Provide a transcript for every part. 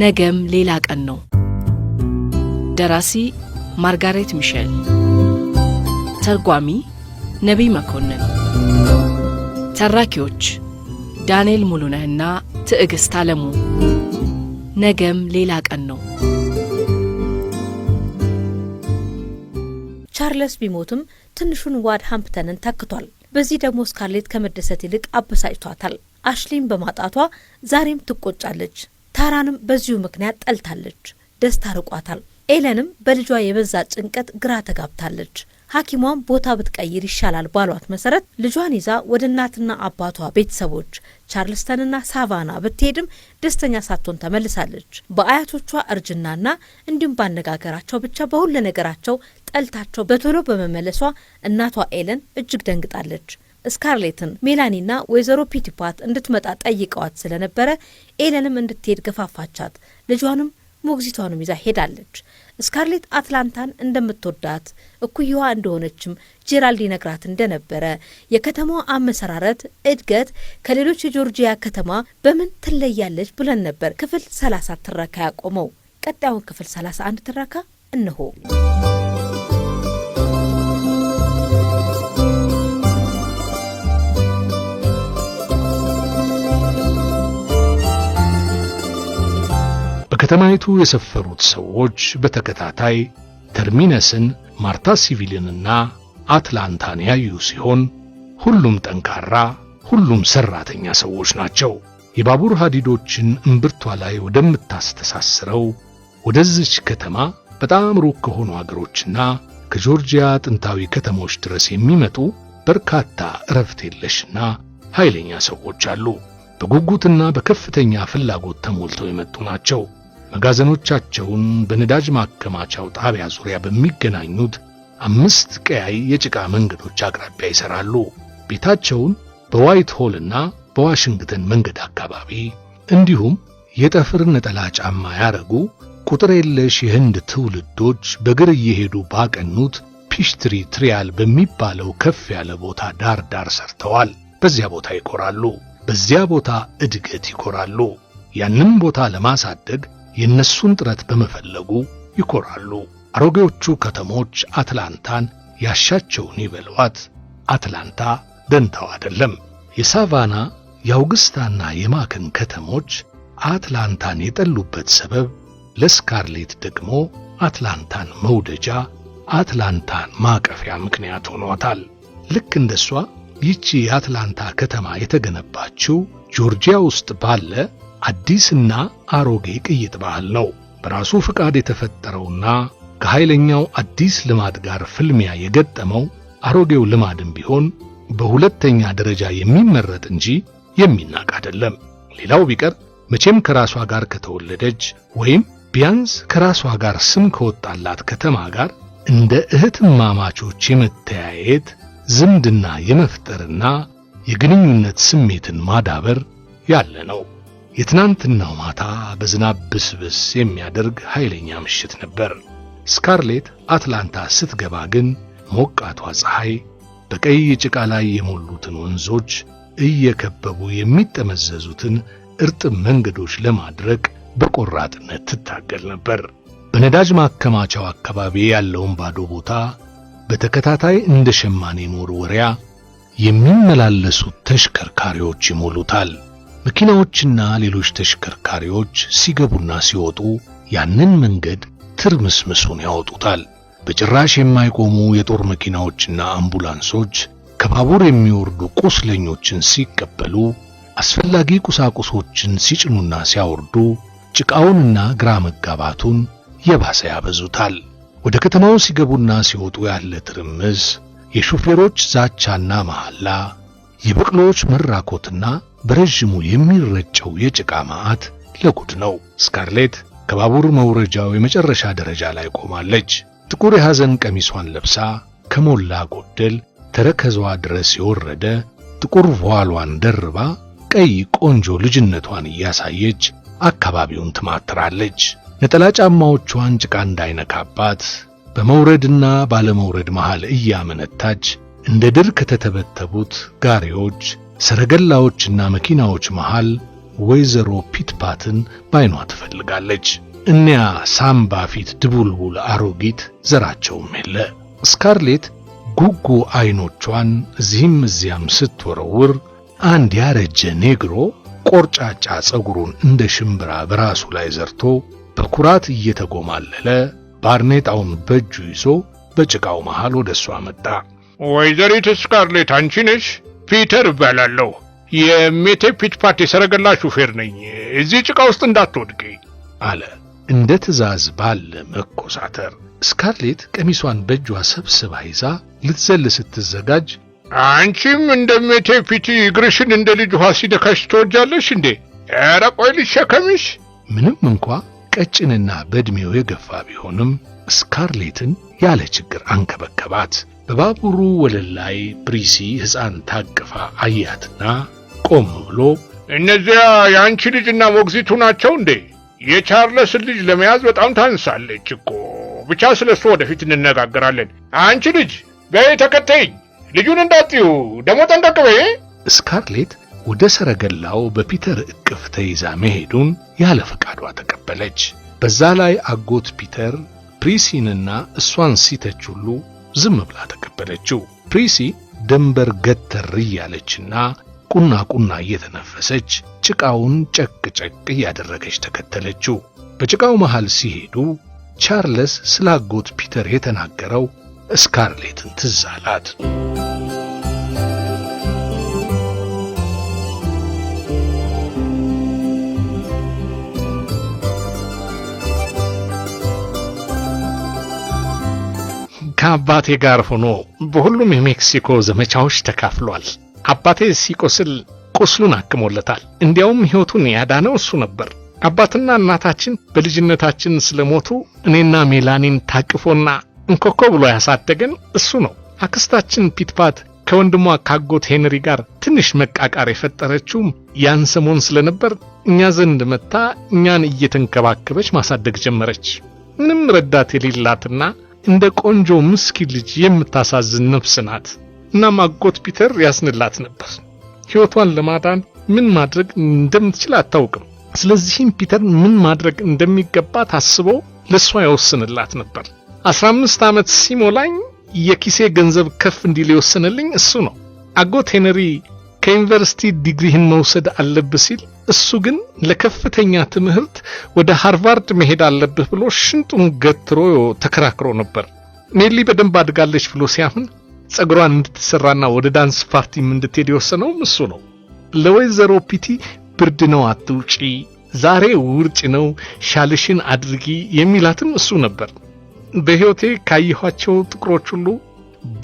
ነገም ሌላ ቀን ነው። ደራሲ ማርጋሬት ሚሼል፣ ተርጓሚ ነቢይ መኮንን፣ ተራኪዎች ዳንኤል ሙሉነህና ትዕግሥት አለሙ። ነገም ሌላ ቀን ነው። ቻርለስ ቢሞትም ትንሹን ዋድ ሃምፕተንን ተክቷል። በዚህ ደግሞ ስካርሌት ከመደሰት ይልቅ አበሳጭቷታል። አሽሊን በማጣቷ ዛሬም ትቆጫለች። ታራንም በዚሁ ምክንያት ጠልታለች። ደስታ ርቋታል። ኤለንም በልጇ የበዛ ጭንቀት ግራ ተጋብታለች። ሐኪሟም ቦታ ብትቀይር ይሻላል ባሏት መሰረት ልጇን ይዛ ወደ እናትና አባቷ ቤተሰቦች ቻርልስተንና ሳቫና ብትሄድም ደስተኛ ሳትሆን ተመልሳለች። በአያቶቿ እርጅናና እንዲሁም ባነጋገራቸው ብቻ በሁሉ ነገራቸው ጠልታቸው በቶሎ በመመለሷ እናቷ ኤለን እጅግ ደንግጣለች። ስካርሌትን ሜላኒና ወይዘሮ ፒቲፓት እንድትመጣ ጠይቀዋት ስለነበረ ኤለንም እንድትሄድ ገፋፋቻት። ልጇንም ሞግዚቷንም ይዛ ሄዳለች። ስካርሌት አትላንታን እንደምትወዳት እኩይዋ እንደሆነችም ጄራልድ ይነግራት እንደነበረ የከተማዋ አመሰራረት እድገት ከሌሎች የጆርጂያ ከተማ በምን ትለያለች ብለን ነበር። ክፍል 30 ትረካ ያቆመው ቀጣዩን ክፍል 31 ትረካ እንሆ። በከተማይቱ የሰፈሩት ሰዎች በተከታታይ ተርሚነስን፣ ማርታ ሲቪልንና አትላንታን ያዩ ሲሆን ሁሉም ጠንካራ፣ ሁሉም ሰራተኛ ሰዎች ናቸው። የባቡር ሀዲዶችን እምብርቷ ላይ ወደምታስተሳስረው ወደዚች ከተማ በጣም ሩቅ ከሆኑ አገሮችና ከጆርጂያ ጥንታዊ ከተሞች ድረስ የሚመጡ በርካታ እረፍት የለሽና ኃይለኛ ሰዎች አሉ። በጉጉትና በከፍተኛ ፍላጎት ተሞልተው የመጡ ናቸው። መጋዘኖቻቸውን በነዳጅ ማከማቻው ጣቢያ ዙሪያ በሚገናኙት አምስት ቀያይ የጭቃ መንገዶች አቅራቢያ ይሰራሉ። ቤታቸውን በዋይት ሆልና በዋሽንግተን መንገድ አካባቢ እንዲሁም የጠፍር ነጠላ ጫማ ያረጉ ቁጥር የለሽ የህንድ ትውልዶች በግር እየሄዱ ባቀኑት ፒሽትሪ ትሪያል በሚባለው ከፍ ያለ ቦታ ዳር ዳር ሰርተዋል። በዚያ ቦታ ይኮራሉ። በዚያ ቦታ እድገት ይኮራሉ። ያንም ቦታ ለማሳደግ የእነሱን ጥረት በመፈለጉ ይኮራሉ። አሮጌዎቹ ከተሞች አትላንታን ያሻቸውን ይበሏት። አትላንታ ደንታው አይደለም። የሳቫና የአውግስታና የማክን ከተሞች አትላንታን የጠሉበት ሰበብ ለስካርሌት ደግሞ አትላንታን መውደጃ፣ አትላንታን ማቀፊያ ምክንያት ሆኗታል። ልክ እንደሷ ይቺ የአትላንታ ከተማ የተገነባችው ጆርጂያ ውስጥ ባለ አዲስና አሮጌ ቅይጥ ባህል ነው። በራሱ ፍቃድ የተፈጠረውና ከኃይለኛው አዲስ ልማድ ጋር ፍልሚያ የገጠመው አሮጌው ልማድም ቢሆን በሁለተኛ ደረጃ የሚመረጥ እንጂ የሚናቅ አይደለም። ሌላው ቢቀር መቼም ከራሷ ጋር ከተወለደች ወይም ቢያንስ ከራሷ ጋር ስም ከወጣላት ከተማ ጋር እንደ እህትማማቾች የመተያየት ዝምድና የመፍጠርና የግንኙነት ስሜትን ማዳበር ያለ ነው። የትናንትናው ማታ በዝናብ ብስብስ የሚያደርግ ኃይለኛ ምሽት ነበር። ስካርሌት አትላንታ ስትገባ ግን ሞቃቷ ፀሐይ በቀይ ጭቃ ላይ የሞሉትን ወንዞች እየከበቡ የሚጠመዘዙትን እርጥብ መንገዶች ለማድረቅ በቆራጥነት ትታገል ነበር። በነዳጅ ማከማቻው አካባቢ ያለውን ባዶ ቦታ በተከታታይ እንደ ሸማኔ መወርወሪያ የሚመላለሱት ተሽከርካሪዎች ይሞሉታል። መኪናዎችና ሌሎች ተሽከርካሪዎች ሲገቡና ሲወጡ ያንን መንገድ ትርምስምሱን ያወጡታል። በጭራሽ የማይቆሙ የጦር መኪናዎችና አምቡላንሶች ከባቡር የሚወርዱ ቁስለኞችን ሲቀበሉ፣ አስፈላጊ ቁሳቁሶችን ሲጭኑና ሲያወርዱ፣ ጭቃውንና ግራ መጋባቱን የባሰ ያበዙታል። ወደ ከተማው ሲገቡና ሲወጡ ያለ ትርምስ፣ የሹፌሮች ዛቻና መሐላ፣ የበቅሎዎች መራኮትና በረዥሙ የሚረጨው የጭቃ ማአት ለጉድ ነው። ስካርሌት ከባቡር መውረጃው የመጨረሻ ደረጃ ላይ ቆማለች። ጥቁር የሐዘን ቀሚሷን ለብሳ ከሞላ ጎደል ተረከዟ ድረስ የወረደ ጥቁር ቧሏን ደርባ ቀይ ቆንጆ ልጅነቷን እያሳየች አካባቢውን ትማትራለች። ነጠላ ጫማዎቿን ጭቃ እንዳይነካባት በመውረድና ባለመውረድ መሃል እያመነታች እንደ ድር ከተተበተቡት ጋሪዎች ሰረገላዎችና መኪናዎች መሃል ወይዘሮ ፒትፓትን ባይኗ ትፈልጋለች። እኒያ ሳምባ ፊት ድቡልቡል አሮጊት ዘራቸውም የለ። ስካርሌት ጉጉ አይኖቿን እዚህም እዚያም ስትወረውር አንድ ያረጀ ኔግሮ ቆርጫጫ ጸጉሩን እንደ ሽምብራ በራሱ ላይ ዘርቶ በኩራት እየተጎማለለ ባርኔጣውን በእጁ ይዞ በጭቃው መሃል ወደ እሷ መጣ። ወይዘሪት ስካርሌት አንቺ ነሽ? ፒተር እባላለሁ። የሜቴ ፒት ፓርቲ ሰረገላ ሹፌር ነኝ። እዚህ ጭቃ ውስጥ እንዳትወድቂ አለ። እንደ ትዕዛዝ ባለ መኮሳተር ስካርሌት ቀሚሷን በእጇ ሰብስባ ይዛ ልትዘል ስትዘጋጅ አንቺም እንደ ሜቴ ፒት እግርሽን እንደ ልጅ ውሃ ሲደካሽ ትወጃለሽ እንዴ? ኧረ ቆይ ልሸከምሽ። ምንም እንኳ ቀጭንና በዕድሜው የገፋ ቢሆንም ስካርሌትን ያለ ችግር አንከበከባት። በባቡሩ ወለል ላይ ፕሪሲ ሕፃን ታቅፋ አያትና ቆም ብሎ እነዚያ የአንቺ ልጅና ሞግዚቱ ናቸው እንዴ? የቻርለስን ልጅ ለመያዝ በጣም ታንሳለች እኮ። ብቻ ስለ እሱ ወደፊት እንነጋገራለን። አንቺ ልጅ በይ ተከተይኝ፣ ልጁን እንዳጥዩ ደግሞ ጠንቀቅቤ። ስካርሌት ወደ ሰረገላው በፒተር እቅፍ ተይዛ መሄዱን ያለ ፈቃዷ ተቀበለች። በዛ ላይ አጎት ፒተር ፕሪሲንና እሷን ሲተች ሁሉ ዝም ብላ ተቀበለችው። ፕሪሲ ደንበር ገተር እያለችና ቁና ቁና እየተነፈሰች ጭቃውን ጨቅ ጨቅ እያደረገች ተከተለችው። በጭቃው መሃል ሲሄዱ ቻርለስ ስላጎት ፒተር የተናገረው ስካርሌትን ትዝ አላት። ከአባቴ ጋር ሆኖ በሁሉም የሜክሲኮ ዘመቻዎች ተካፍሏል። አባቴ ሲቆስል ቁስሉን አክሞለታል። እንዲያውም ሕይወቱን ያዳነው እሱ ነበር። አባትና እናታችን በልጅነታችን ስለሞቱ እኔና ሜላኒን ታቅፎና እንኮኮ ብሎ ያሳደገን እሱ ነው። አክስታችን ፒትፓት ከወንድሟ ካጎት ሄንሪ ጋር ትንሽ መቃቃር የፈጠረችውም ያን ሰሞን ስለነበር እኛ ዘንድ መጥታ እኛን እየተንከባከበች ማሳደግ ጀመረች። ምንም ረዳት የሌላትና እንደ ቆንጆ ምስኪን ልጅ የምታሳዝን ነፍስ ናት። እናም አጎት ፒተር ያስንላት ነበር። ሕይወቷን ለማዳን ምን ማድረግ እንደምትችል አታውቅም። ስለዚህም ፒተር ምን ማድረግ እንደሚገባ ታስበው ለሷ ያወስንላት ነበር። አምስት ዓመት ሲሞላኝ የኪሴ ገንዘብ ከፍ እንዲል የወሰነልኝ እሱ ነው። አጎት ሄነሪ ከዩኒቨርሲቲ ዲግሪህን መውሰድ አለብ ሲል እሱ ግን ለከፍተኛ ትምህርት ወደ ሃርቫርድ መሄድ አለብህ ብሎ ሽንጡን ገትሮ ተከራክሮ ነበር። ኔሊ በደንብ አድጋለች ብሎ ሲያምን ጸጉሯን እንድትሰራና ወደ ዳንስ ፓርቲም እንድትሄድ የወሰነውም እሱ ነው። ለወይዘሮ ፒቲ ብርድ ነው አትውጪ፣ ዛሬ ውርጭ ነው ሻልሽን አድርጊ የሚላትም እሱ ነበር። በሕይወቴ ካየኋቸው ጥቁሮች ሁሉ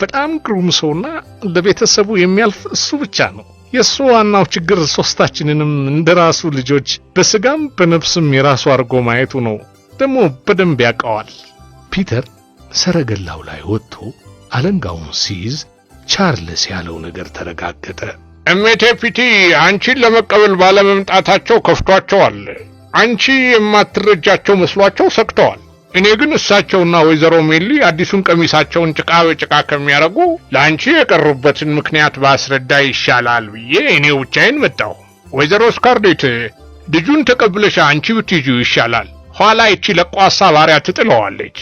በጣም ግሩም ሰውና ለቤተሰቡ የሚያልፍ እሱ ብቻ ነው። የእሱ ዋናው ችግር ሶስታችንንም እንደራሱ ልጆች በስጋም በነፍስም የራሱ አድርጎ ማየቱ ነው። ደግሞ በደንብ ያውቀዋል። ፒተር ሰረገላው ላይ ወጥቶ አለንጋውን ሲይዝ ቻርልስ ያለው ነገር ተረጋገጠ። እሜቴ ፒቲ አንቺን ለመቀበል ባለመምጣታቸው ከፍቷቸዋል። አንቺ የማትረጃቸው መስሏቸው ሰግተዋል። እኔ ግን እሳቸውና ወይዘሮ ሜሊ አዲሱን ቀሚሳቸውን ጭቃ በጭቃ ከሚያደርጉ ለአንቺ የቀሩበትን ምክንያት ባስረዳ ይሻላል ብዬ እኔ ብቻዬን መጣሁ። ወይዘሮ ስካርሌት ልጁን ተቀብለሽ አንቺ ብትይዢው ይሻላል፣ ኋላ ይቺ ለቋሳ ባሪያ ትጥለዋለች።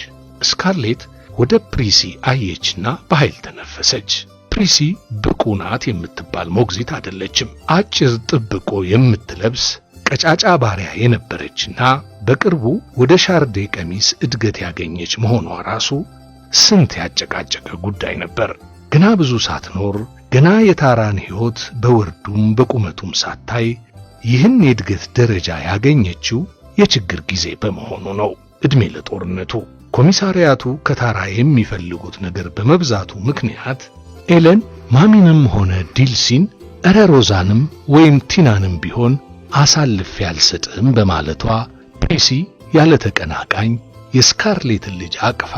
ስካርሌት ወደ ፕሪሲ አየችና በኃይል ተነፈሰች። ፕሪሲ ብቁ ናት የምትባል ሞግዚት አይደለችም። አጭር ጥብቆ የምትለብስ ቀጫጫ ባሪያ የነበረችና በቅርቡ ወደ ሻርዴ ቀሚስ እድገት ያገኘች መሆኗ ራሱ ስንት ያጨቃጨቀ ጉዳይ ነበር። ገና ብዙ ሳትኖር ገና የታራን ሕይወት በወርዱም በቁመቱም ሳታይ ይህን የእድገት ደረጃ ያገኘችው የችግር ጊዜ በመሆኑ ነው። ዕድሜ ለጦርነቱ። ኮሚሳሪያቱ ከታራ የሚፈልጉት ነገር በመብዛቱ ምክንያት ኤለን ማሚንም ሆነ ዲልሲን እረ ሮዛንም ወይም ቲናንም ቢሆን አሳልፌ አልሰጥም በማለቷ ፕሬሲ ያለ ተቀናቃኝ የስካርሌትን ልጅ አቅፋ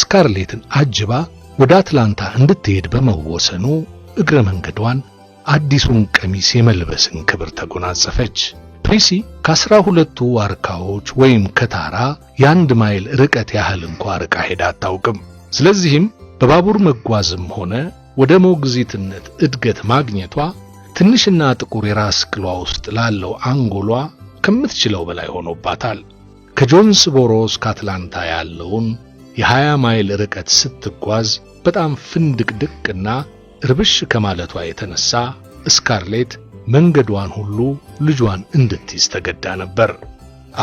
ስካርሌትን አጅባ ወደ አትላንታ እንድትሄድ በመወሰኑ እግረ መንገዷን አዲሱን ቀሚስ የመልበስን ክብር ተጎናጸፈች። ፕሬሲ ከአስራ ሁለቱ ዋርካዎች ወይም ከታራ የአንድ ማይል ርቀት ያህል እንኳ ርቃ ሄዳ አታውቅም። ስለዚህም በባቡር መጓዝም ሆነ ወደ ሞግዚትነት እድገት ማግኘቷ ትንሽና ጥቁር የራስ ቅሏ ውስጥ ላለው አንጎሏ ከምትችለው በላይ ሆኖባታል። ከጆንስቦሮ እስከ አትላንታ ያለውን የ20 ማይል ርቀት ስትጓዝ በጣም ፍንድቅድቅና እርብሽ ከማለቷ የተነሳ ስካርሌት መንገዷን ሁሉ ልጇን እንድትይዝ ተገዳ ነበር።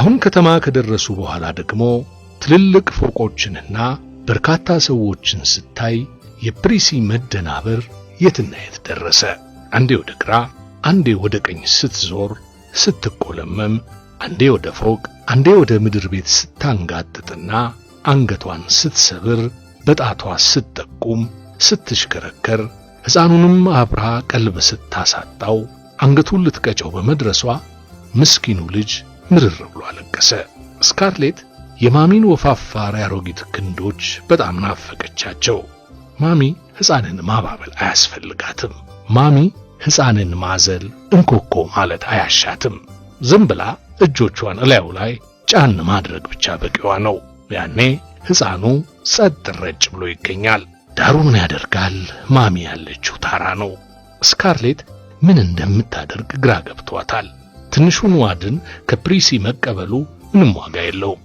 አሁን ከተማ ከደረሱ በኋላ ደግሞ ትልልቅ ፎቆችንና በርካታ ሰዎችን ስታይ የፕሪሲ መደናበር የትና የት ደረሰ። አንዴ ወደ ግራ፣ አንዴ ወደ ቀኝ ስትዞር፣ ስትቆለመም፣ አንዴ ወደ ፎቅ፣ አንዴ ወደ ምድር ቤት ስታንጋጥጥና አንገቷን ስትሰብር፣ በጣቷ ስትጠቁም፣ ስትሽከረከር፣ ሕፃኑንም አብራ ቀልብ ስታሳጣው፣ አንገቱን ልትቀጨው በመድረሷ ምስኪኑ ልጅ ምርር ብሎ አለቀሰ። ስካርሌት የማሚን ወፋፋር አሮጊት ክንዶች በጣም ናፈቀቻቸው። ማሚ ሕፃንን ማባበል አያስፈልጋትም። ማሚ ሕፃንን ማዘል እንኮኮ ማለት አያሻትም። ዝም ብላ እጆቿን እላዩ ላይ ጫን ማድረግ ብቻ በቂዋ ነው። ያኔ ሕፃኑ ጸጥ ረጭ ብሎ ይገኛል። ዳሩ ምን ያደርጋል፣ ማሚ ያለችው ታራ ነው። ስካርሌት ምን እንደምታደርግ ግራ ገብቷታል። ትንሹን ዋድን ከፕሪሲ መቀበሉ ምንም ዋጋ የለውም።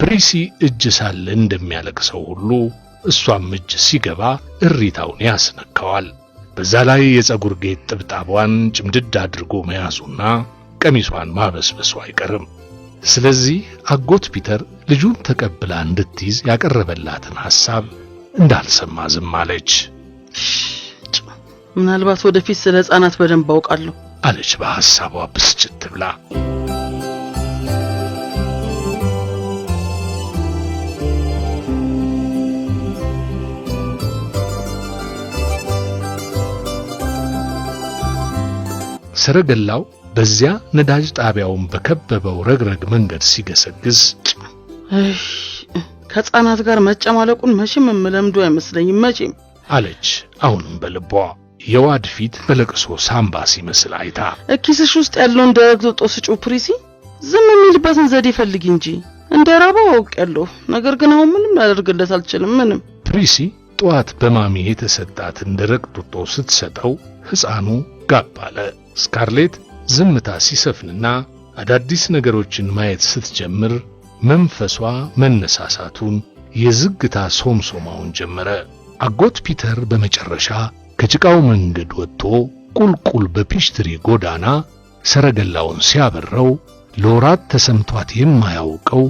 ፕሪሲ እጅ ሳለ እንደሚያለቅሰው ሁሉ እሷም እጅ ሲገባ እሪታውን ያስነካዋል። በዛ ላይ የፀጉር ጌጥ ጥብጣቧን ጭምድድ አድርጎ መያዙና ቀሚሷን ማበስበሱ አይቀርም። ስለዚህ አጎት ፒተር ልጁን ተቀብላ እንድትይዝ ያቀረበላትን ሐሳብ እንዳልሰማ ዝም አለች። ምናልባት ወደፊት ስለ ሕፃናት በደንብ አውቃለሁ አለች በሐሳቧ ብስጭት ብላ። ሰረገላው በዚያ ነዳጅ ጣቢያውን በከበበው ረግረግ መንገድ ሲገሰግስ ከህፃናት ጋር መጨማለቁን መቼም የምለምዶ አይመስለኝም መቼም አለች። አሁንም በልቧ የዋድ ፊት በለቅሶ ሳምባ ሲመስል አይታ እኪስሽ ውስጥ ያለውን ደረግ ጦስጩ ስጩ ፕሪሲ፣ ዝም የሚልበትን ዘዴ ፈልጊ እንጂ እንደ ራበው አውቄያለሁ። ነገር ግን አሁን ምንም ላደርግለት አልችልም። ምንም ፕሪሲ ጠዋት በማሚ የተሰጣትን ደረቅ ጡጦ ስትሰጠው ሕፃኑ ጋብ አለ። ስካርሌት ዝምታ ሲሰፍንና አዳዲስ ነገሮችን ማየት ስትጀምር መንፈሷ መነሳሳቱን የዝግታ ሶምሶማውን ጀመረ። አጎት ፒተር በመጨረሻ ከጭቃው መንገድ ወጥቶ ቁልቁል በፒሽትሪ ጎዳና ሰረገላውን ሲያበረው ለወራት ተሰምቷት የማያውቀው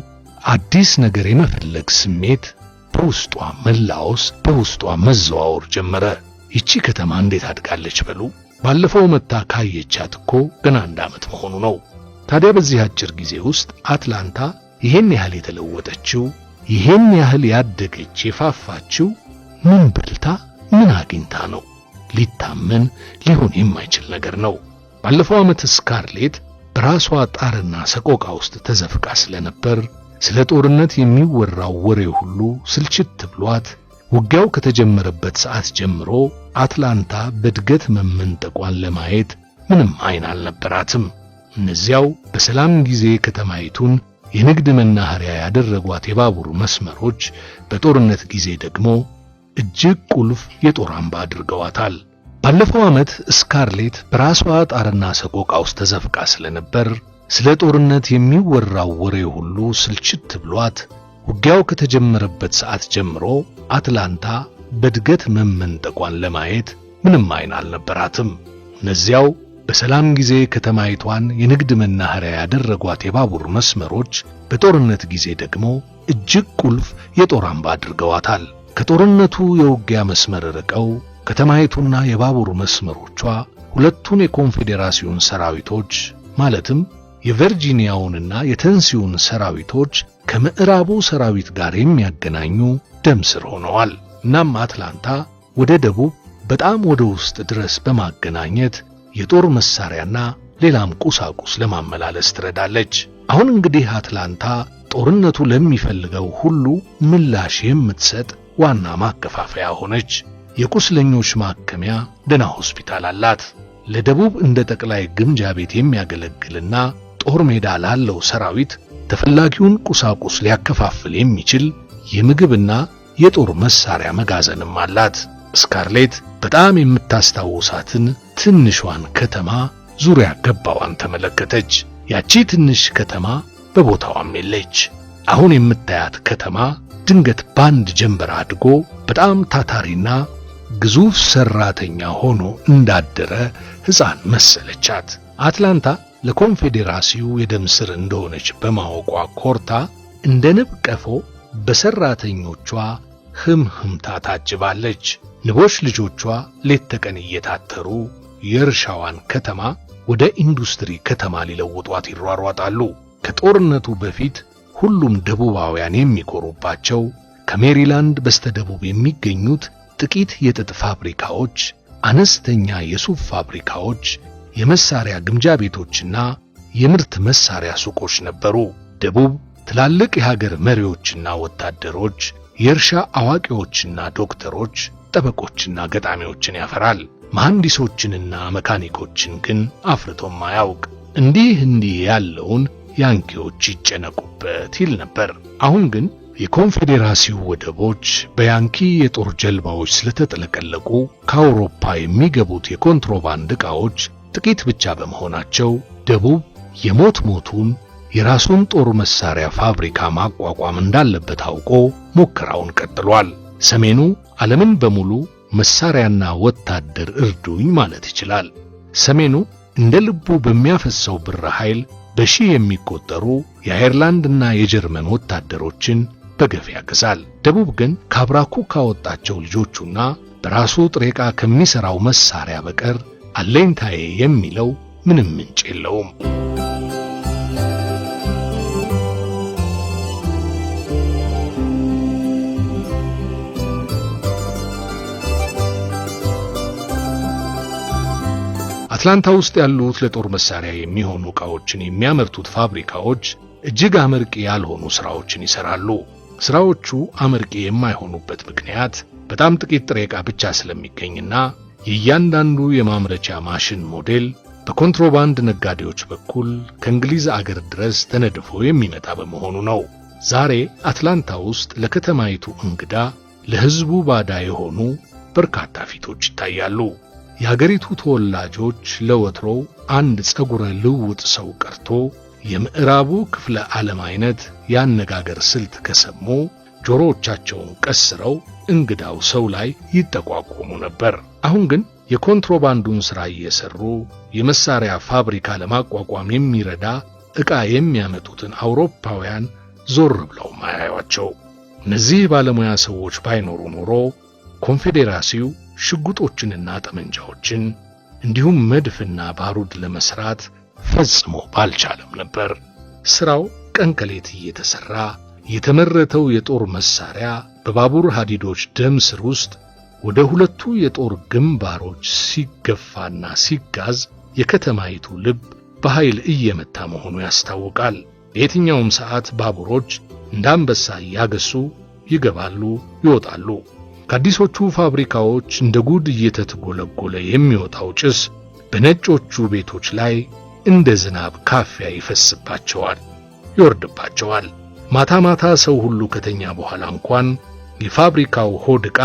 አዲስ ነገር የመፈለግ ስሜት በውስጧ መላወስ፣ በውስጧ መዘዋወር ጀመረ። ይቺ ከተማ እንዴት አድጋለች በሉ ባለፈው መታ ካየቻት እኮ ገና አንድ ዓመት መሆኑ ነው። ታዲያ በዚህ አጭር ጊዜ ውስጥ አትላንታ ይሄን ያህል የተለወጠችው ይሄን ያህል ያደገች የፋፋችው ምን በልታ ምን አግኝታ ነው? ሊታመን ሊሆን የማይችል ነገር ነው። ባለፈው ዓመት ስካርሌት በራሷ ጣርና ሰቆቃ ውስጥ ተዘፍቃ ስለነበር ስለ ጦርነት የሚወራው ወሬ ሁሉ ስልችት ብሏት ውጊያው ከተጀመረበት ሰዓት ጀምሮ አትላንታ በእድገት መመንጠቋን ለማየት ምንም ዓይን አልነበራትም። እነዚያው በሰላም ጊዜ ከተማይቱን የንግድ መናኸሪያ ያደረጓት የባቡር መስመሮች በጦርነት ጊዜ ደግሞ እጅግ ቁልፍ የጦር አምባ አድርገዋታል። ባለፈው ዓመት ስካርሌት በራሷ ጣርና ሰቆቃ ውስጥ ተዘፍቃ ስለነበር ስለ ጦርነት የሚወራው ወሬ ሁሉ ስልችት ብሏት ውጊያው ከተጀመረበት ሰዓት ጀምሮ አትላንታ በእድገት መመንጠቋን ለማየት ምንም አይን አልነበራትም። እነዚያው በሰላም ጊዜ ከተማይቷን የንግድ መናኸሪያ ያደረጓት የባቡር መስመሮች በጦርነት ጊዜ ደግሞ እጅግ ቁልፍ የጦር አምባ አድርገዋታል። ከጦርነቱ የውጊያ መስመር ርቀው ከተማይቱና የባቡር መስመሮቿ ሁለቱን የኮንፌዴራሲዮን ሰራዊቶች ማለትም የቨርጂኒያውንና የተንሲውን ሰራዊቶች ከምዕራቡ ሰራዊት ጋር የሚያገናኙ ደም ስር ሆነዋል። እናም አትላንታ ወደ ደቡብ በጣም ወደ ውስጥ ድረስ በማገናኘት የጦር መሳሪያና ሌላም ቁሳቁስ ለማመላለስ ትረዳለች። አሁን እንግዲህ አትላንታ ጦርነቱ ለሚፈልገው ሁሉ ምላሽ የምትሰጥ ዋና ማከፋፈያ ሆነች። የቁስለኞች ማከሚያ ደና ሆስፒታል አላት። ለደቡብ እንደ ጠቅላይ ግምጃ ቤት የሚያገለግልና ጦር ሜዳ ላለው ሰራዊት ተፈላጊውን ቁሳቁስ ሊያከፋፍል የሚችል የምግብና የጦር መሳሪያ መጋዘንም አላት። ስካርሌት በጣም የምታስታውሳትን ትንሿን ከተማ ዙሪያ ገባዋን ተመለከተች። ያቺ ትንሽ ከተማ በቦታዋም የለች። አሁን የምታያት ከተማ ድንገት ባንድ ጀንበር አድጎ በጣም ታታሪና ግዙፍ ሰራተኛ ሆኖ እንዳደረ ሕፃን መሰለቻት። አትላንታ ለኮንፌዴራሲው የደም ስር እንደሆነች በማወቋ ኮርታ እንደ ንብ ቀፎ በሠራተኞቿ ህምህምታ ታጅባለች። ንቦች ልጆቿ ሌት ተቀን እየታተሩ የእርሻዋን ከተማ ወደ ኢንዱስትሪ ከተማ ሊለውጧት ይሯሯጣሉ። ከጦርነቱ በፊት ሁሉም ደቡባውያን የሚኮሩባቸው ከሜሪላንድ በስተደቡብ የሚገኙት ጥቂት የጥጥ ፋብሪካዎች፣ አነስተኛ የሱፍ ፋብሪካዎች የመሳሪያ ግምጃ ቤቶችና የምርት መሳሪያ ሱቆች ነበሩ። ደቡብ ትላልቅ የሀገር መሪዎችና ወታደሮች፣ የእርሻ አዋቂዎችና ዶክተሮች፣ ጠበቆችና ገጣሚዎችን ያፈራል። መሐንዲሶችንና መካኒኮችን ግን አፍርቶም አያውቅ። እንዲህ እንዲህ ያለውን ያንኪዎች ይጨነቁበት ይል ነበር። አሁን ግን የኮንፌዴራሲው ወደቦች በያንኪ የጦር ጀልባዎች ስለተጠለቀለቁ ከአውሮፓ የሚገቡት የኮንትሮባንድ ዕቃዎች ጥቂት ብቻ በመሆናቸው ደቡብ የሞት ሞቱን የራሱን ጦር መሳሪያ ፋብሪካ ማቋቋም እንዳለበት አውቆ ሙከራውን ቀጥሏል። ሰሜኑ ዓለምን በሙሉ መሳሪያና ወታደር እርዱኝ ማለት ይችላል። ሰሜኑ እንደ ልቡ በሚያፈሰው ብር ኃይል በሺህ የሚቆጠሩ የአየርላንድና የጀርመን ወታደሮችን በገፍ ያገዛል። ደቡብ ግን ካብራኩ ካወጣቸው ልጆቹና በራሱ ጥሬ ዕቃ ከሚሠራው መሳሪያ በቀር አለኝታዬ የሚለው ምንም ምንጭ የለውም። አትላንታ ውስጥ ያሉት ለጦር መሳሪያ የሚሆኑ ዕቃዎችን የሚያመርቱት ፋብሪካዎች እጅግ አመርቂ ያልሆኑ ሥራዎችን ይሠራሉ። ሥራዎቹ አመርቂ የማይሆኑበት ምክንያት በጣም ጥቂት ጥሬ ዕቃ ብቻ ስለሚገኝና የእያንዳንዱ የማምረቻ ማሽን ሞዴል በኮንትሮባንድ ነጋዴዎች በኩል ከእንግሊዝ አገር ድረስ ተነድፎ የሚመጣ በመሆኑ ነው። ዛሬ አትላንታ ውስጥ ለከተማይቱ እንግዳ፣ ለሕዝቡ ባዳ የሆኑ በርካታ ፊቶች ይታያሉ። የአገሪቱ ተወላጆች ለወትሮው አንድ ጸጉረ ልውጥ ሰው ቀርቶ የምዕራቡ ክፍለ ዓለም አይነት የአነጋገር ስልት ከሰሙ ጆሮዎቻቸውን ቀስረው እንግዳው ሰው ላይ ይጠቋቆሙ ነበር። አሁን ግን የኮንትሮባንዱን ሥራ እየሰሩ የመሳሪያ ፋብሪካ ለማቋቋም የሚረዳ ዕቃ የሚያመጡትን አውሮፓውያን ዞር ብለው ማያዩአቸው። እነዚህ ባለሙያ ሰዎች ባይኖሩ ኖሮ ኮንፌዴራሲው ሽጉጦችንና ጠመንጃዎችን እንዲሁም መድፍና ባሩድ ለመስራት ፈጽሞ ባልቻለም ነበር። ስራው ቀንከሌት እየተሰራ የተመረተው የጦር መሳሪያ በባቡር ሐዲዶች ደም ስር ውስጥ ወደ ሁለቱ የጦር ግንባሮች ሲገፋና ሲጋዝ የከተማይቱ ልብ በኃይል እየመታ መሆኑ ያስታውቃል። በየትኛውም ሰዓት ባቡሮች እንደ አንበሳ እያገሱ ይገባሉ፣ ይወጣሉ። ከአዲሶቹ ፋብሪካዎች እንደ ጉድ እየተትጎለጎለ የሚወጣው ጭስ በነጮቹ ቤቶች ላይ እንደ ዝናብ ካፊያ ይፈስባቸዋል፣ ይወርድባቸዋል። ማታ ማታ ሰው ሁሉ ከተኛ በኋላ እንኳን የፋብሪካው ሆድ ዕቃ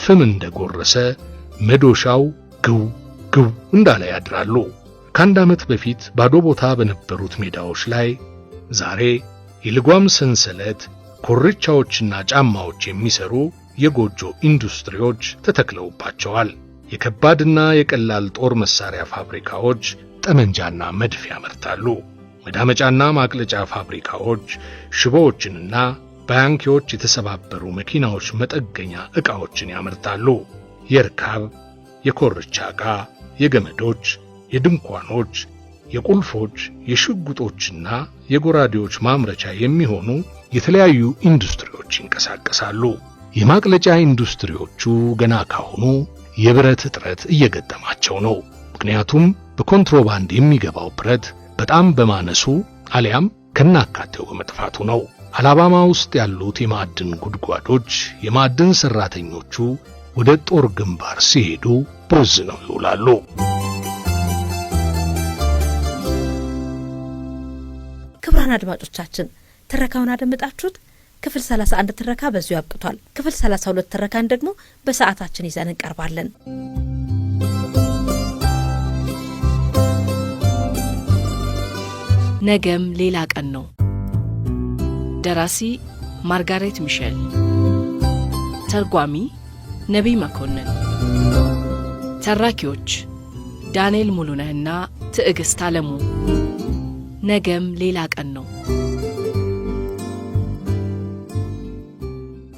ፍም እንደጎረሰ መዶሻው ግው ግው እንዳለ ያድራሉ። ከአንድ ዓመት በፊት ባዶ ቦታ በነበሩት ሜዳዎች ላይ ዛሬ የልጓም ሰንሰለት፣ ኮርቻዎችና ጫማዎች የሚሰሩ የጎጆ ኢንዱስትሪዎች ተተክለውባቸዋል። የከባድና የቀላል ጦር መሳሪያ ፋብሪካዎች ጠመንጃና መድፍ ያመርታሉ። መዳመጫና ማቅለጫ ፋብሪካዎች፣ ሽቦዎችንና በያንኪዎች የተሰባበሩ መኪናዎች መጠገኛ ዕቃዎችን ያመርታሉ። የርካብ፣ የኮርቻ ዕቃ፣ የገመዶች፣ የድንኳኖች፣ የቁልፎች፣ የሽጉጦችና የጎራዴዎች ማምረቻ የሚሆኑ የተለያዩ ኢንዱስትሪዎች ይንቀሳቀሳሉ። የማቅለጫ ኢንዱስትሪዎቹ ገና ካሁኑ የብረት እጥረት እየገጠማቸው ነው። ምክንያቱም በኮንትሮባንድ የሚገባው ብረት በጣም በማነሱ አሊያም ከናካቴው በመጥፋቱ ነው። አላባማ ውስጥ ያሉት የማዕድን ጉድጓዶች የማዕድን ሰራተኞቹ ወደ ጦር ግንባር ሲሄዱ ቦዝ ነው ይውላሉ። ክቡራን አድማጮቻችን ትረካውን አደምጣችሁት። ክፍል 31 ትረካ በዚሁ ያብቅቷል። ክፍል 32 ትረካን ደግሞ በሰዓታችን ይዘን እንቀርባለን። ነገም ሌላ ቀን ነው። ደራሲ ማርጋሬት ሚሸል፣ ተርጓሚ ነቢይ መኮንን፣ ተራኪዎች ዳንኤል ሙሉነህና ትዕግሥት አለሙ። ነገም ሌላ ቀን ነው።